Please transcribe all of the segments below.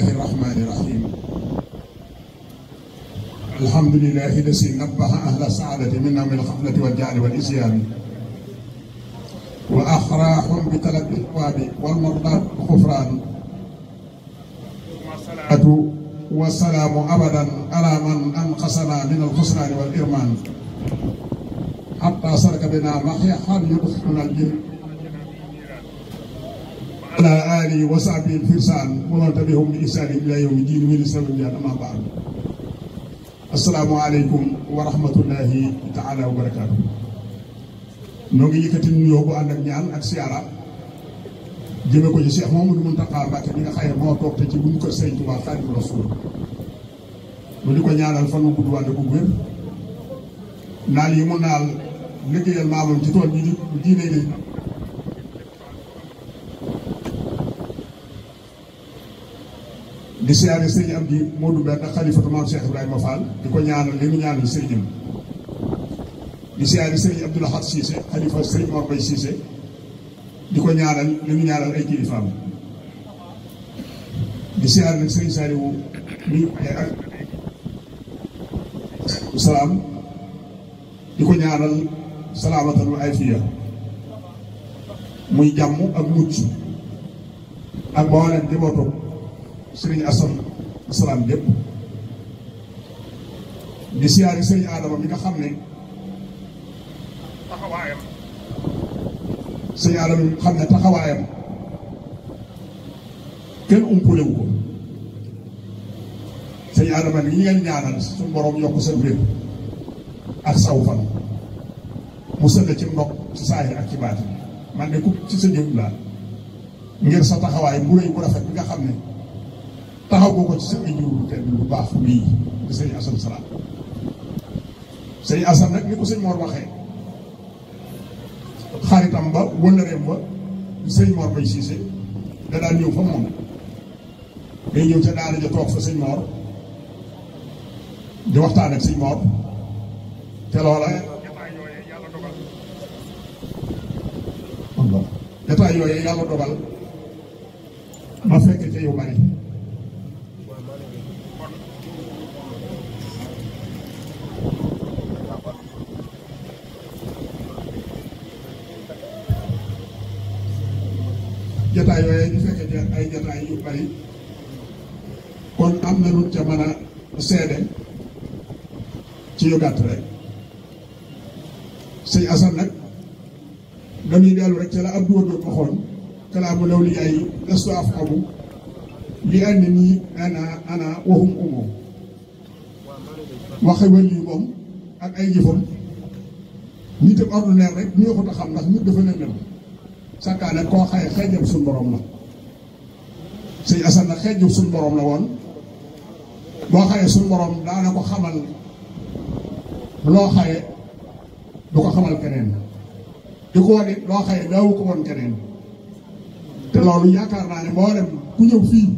الله الرحمن الرحيم الحمد لله الذي نبه أهل السعادة منا من الخفلة والجعل والإسيان وأخراهم بطلب الإقوام والمرضى الغفران والسلام أبدا على من أنقصنا من الخسران والإرمان حتى سرق بنا محيا حال يدخلنا الجن ala alihi wa sahbihi firsaan wa man tabi'ahum bi ihsaanin ilaa yawmi diin min islam yaan amaa baad asalaamaaleykum wa rahmatullahi taala wa barakaatu. ñoo ngi yëkkati nuyoo bu ànd ak ñaan ak siyaara jëme ko ci Cheikh Mouhamadou Mountakha Mbacké mi nga xaye moo toog te ci buñu ko Sëriñ Tuubaa Xaadimu Rasuul mu di ko ñaanal fan wu gudd wàll bu wér naal yi mu naal liggéeyal maamam ci tool bi di diine di siyaare sëriñ am di Modou Mbène xalifatu maam Cheikh Ibrahima Fall di ko ñaanal li mu ñaanal sëriñam di siyaare sëriñ Abdou Lahad Cissé xalifa sëriñ Mor Mbaye Cissé di ko ñaanal li mu ñaanal ay kilifaam di siyaare nag ko ñaanal muy jàmm ak mucc ak booleem di boppam sëriñ Assane asalaam lépp di siyaari sëriñ Adama mi nga xam ne taxawaayam sëriñ Adama mi nga ko sëriñ Adama mi ngi ngeen ñaanal suñu borom yokk sa wér ak saw fan mu sëdd ci ndog ci saahir ak ci baati man de ku ci sa jëw laa ngir sa taxawaay bu rëy bu rafet bi nga xam ne taxaw boo ko ci sëñ ñu tedd bu baax bii di sëñ Assane Salam sëñ Assane nag ni ko sëñ Mor waxee xaritam ba wëllëreem ba sëñ Mor bay siise da ñëw fa moom day ñëw ca daara ja toog fa sëñ Mor di waxtaan ak sëñ Mor te loola détail yàlla dogal ma fekk ca yu bari jataay yooyu ñu fekkee ca ay jataay yu bari kon am na lu ca a seede ci yu gàtt rek sëñ Assane nag dañuy dellu rek ca la ab duwóor doon waxoon kalaamu law li ay lastu af xamu li ànd nii ana ana waxum umoo waxe wël yi moom ak ay jëfam nit ordinaire rek ñu ko ta xam ndax nit dafa leen sakkaane koo xay xeejam suñ borom la sëñ Asan na xeejam suñ borom la woon boo xaye suñ borom daana ko xamal loo xaye du ko xamal keneen di ko wane loo xaye daawu ko woon keneen te loolu yaakaar naa ne moo dem ku ñëw fii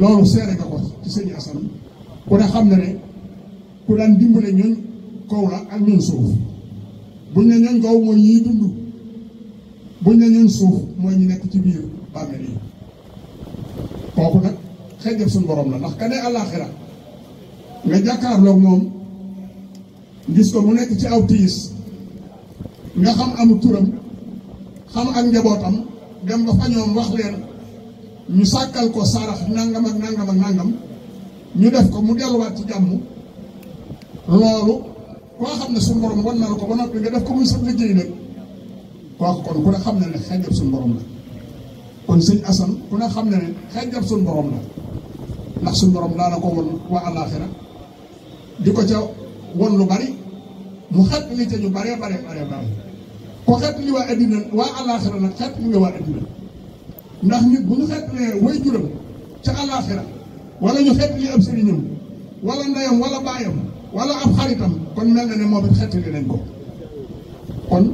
loolu seere nga ko ci sëñ Asan ku ne xam na ne ku daan dimbale ñun kaw la ak ñooñ suuf buñ ne ñooñ kaw mooy ñuy dund buñ ne ñun suuf mooy ñu nekk ci biir bàmmeel yi kooku nag xëy jëf suñu borom la ndax ka ne àllaaxira nga jàkkaarloog moom gis ko mu nekk ci aw tiis nga xam amu turam xam ak njabootam dem ba fa ñoom wax leen ñu sàkkal ko sarax nangam ak nangam ak nangam ñu def ko mu delluwaat ci jàmm loolu koo xam ne suñu borom wan na la ko ba noppi nga def ko muy sa liggéey nag kooku kon ku ne xam na ne xeeñab suñ boroom la kon sëñ asan ku ne xam na ne xeeñab suñu borom la ndax suñu borom daana ko won waa àllaaxira di ko ca won lu bari mu xet li ca ñu bare bare bare bare ko xet li waa addina waa àllaaxira nag xet li nga waa addina ndax nit bu ñu xet lee way juram ca àllaaxira wala ñu xet li ab sëriñam wala ndeyam wala baayam wala ab xaritam kon mel na ne moom it xet li nañ ko kon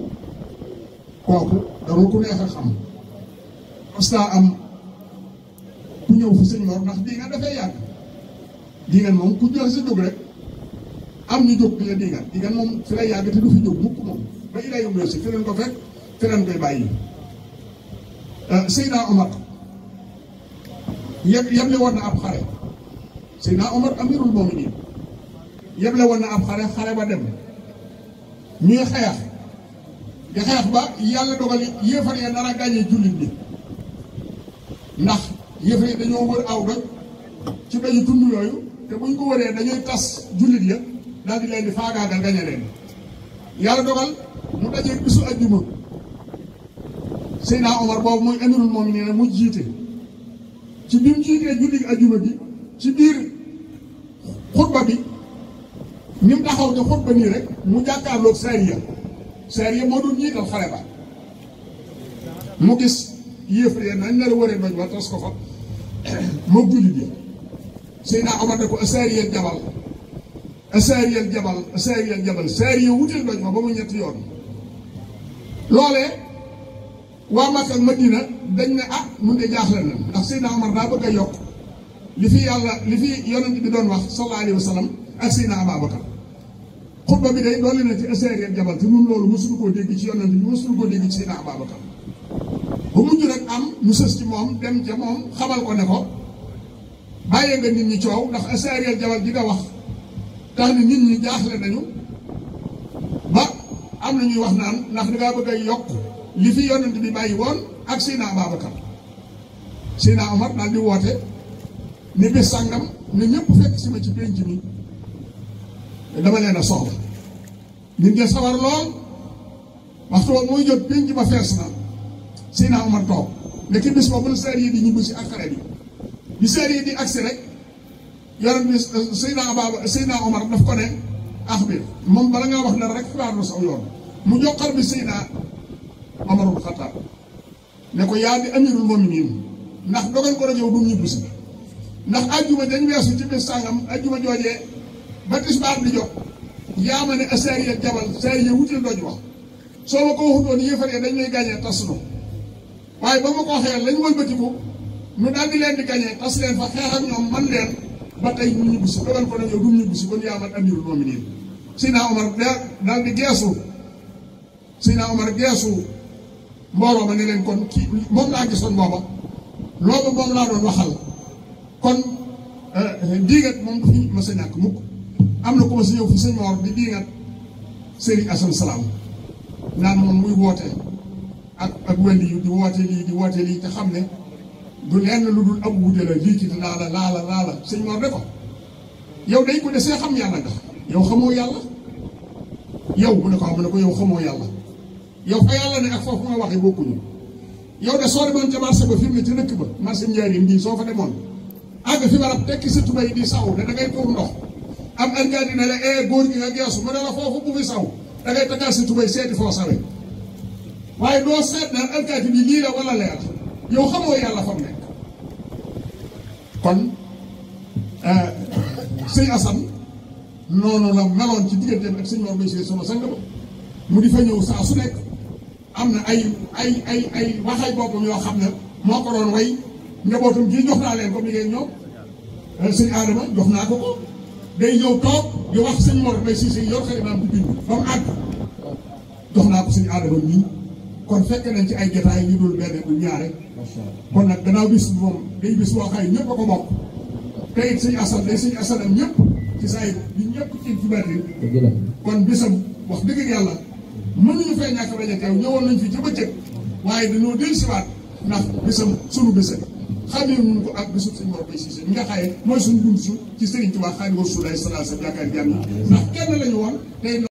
kooku dama ku neex a xam parce am ku ñëw fu sëñ Mor ndax di nga dafay yàgg di ngeen moom ku jox si dugg rek am ñu jóg di la di ngeen di ngeen moom fi lay yàgg te du fi jóg mukk moom ba Idaay Umar si fi ko fekk fi koy bàyyi. Euh, Seydina Omar yeb yeble woon na ab xare Seydina Omar amirul moominiin yeble woon na ab xare xare ba dem ñuy xeex. xeex ba yàlla dogal yéefar ya nar a gàññee jullit bi ndax yéefar yi dañoo wër aw doj ci doju tund yooyu te buñ ko wëree dañuy tas jullit ya daal di leen di faagaagal gañe leen yàlla dogal mu dajee bisu ajjuma Seydina Omar boobu mooy amirul mu'minin mu jiite ci bi mu jiitee jullit ajjuma bi ci biir xutba bi ni mu taxaw te xutba nii rek mu jàkkaarloog saariya يعني سيدنا عمر نكو أساري الجبل أساري الجبل أساري الجبل ساري وجل مجمع بمين يتيون لولي وامك المدينة دنيا أه من جاهلنا سيدنا عمر نابك يوك لفي الله لفي يونان بدون وقت صلى الله عليه وسلم سيدنا عمر بكر xutba bi day dolli na ci assyrian jabal te ñun loolu mosuñu koo dégg ci yonent bi mosuñu koo dégg ci Seydina Ababacar ba mujj nag am ñu sës ci moom dem ca moom xamal ko ne ko bàyyee nga nit ñi coow ndax assyrian jabal ji nga wax tax na nit ñi jaaxle nañu ba am na ñuy wax naan ndax dangaa bëgg a yokk li fi yonent bi bàyyi woon ak Seydina Ababacar Seydina Omar daal di woote ni bés sàngam ne ñëpp fekk si ma ci pénc mi dama leen a soxla ñun de sawar lool waxtu boobu muy jot pénc ba fees na si naa man bis boobu la seer di ñibbi si ak bi bi seer di agsi rek yaram bi sina Baba Seydina Omar daf ko ne ax bi moom bala ngaa wax dara rek xibaar la saw yoon mu joxar bi Seydina Omarul Xattaab ne ko yaa di amirul mominin ndax dogal ko rajo du ñibbi si ndax ajjuma dañ weesu ci bis sàngam ajjuma joojee بس ما لي جو يا من اساري الجبل ساري وجل دجوا سو كو هوتون يفر اي داني غاني تاسنو واي بما كو خير لا نوي بتي مو مو دال دي لين دي غاني تاس لين فا خير اك نيوم مان لين با تاي ني بيس دوران كو نيو دوم ني بيس كون يا مان امير المؤمنين سينا عمر دال دي جاسو سينا عمر جاسو مورو من لين كون كي لا غيسون بابا لوبو موم لا دون واخال كون ديغت موم في ما am na ku ma si ñëw fi sëñ Mor di diingat Serigne Assane Salaam naan moom muy woote ak ak wendi di woote lii di woote lii te xam ne du lenn lu dul ab wuute la lii ci laala laala laala sëñ Mor de ko yow day ko desee xam yàlla ndax yow xamoo yàlla yow mu ne ko ah, ne ko yow xamoo yàlla yow fa yàlla ne ak foofu ma waxee bokkuñu yow de soo demoon ca marché ba fi ne ca dëkk ba marché Ndiarème bii soo fa demoon àgg fi barab tekki sa tubay di saw ne da ngay tuur ndox. am alkaati dina la eh góor gi nga geesu mu ne foofu bu saw da ngay si tubay seeti foo sawe waaye doo seet na alkaati bi lii la wala leer yow xamoo yàlla fa mu nekk kon eh, sëñ Assane noonu la meloon ci digganteem ak sëñ Mor Mbaye Cissé sama sang di fa ñëw saa su nekk am na ay ay ay ay waxay boppam yoo moo ko doon way njabootum jii jox naa leen ko mi ñoom eh, sëñ Adama jox naa ko day ñëw toog di wax sëñ Mor Mbaye Cissé yor xalimaam di bind ba mu àgg jox naa ko suñu aadama ñii kon fekk nañ ci ay jotaay yu dul benn du ñaare kon nag gannaaw bis bi moom day bis boo xam ne a ko bokk te it suñu asan day suñu asanam ñëpp ci saa yi ñu ñëpp ci jubaati kon bisam wax dëgg yàlla mënuñu fee ñàkk bañ a teew ñëwoon nañ fi ci bëccëg waaye dañoo dellusiwaat ndax bisam sunu bisam xamee wuñ ko ak bisu suñu borom bay Cissé nga xaye mooy suñu buntu ci Serigne Touba xaadimu rasuul sallallahu alayhi wa sallam yaakaar jàmm ndax kenn la ñu woon tey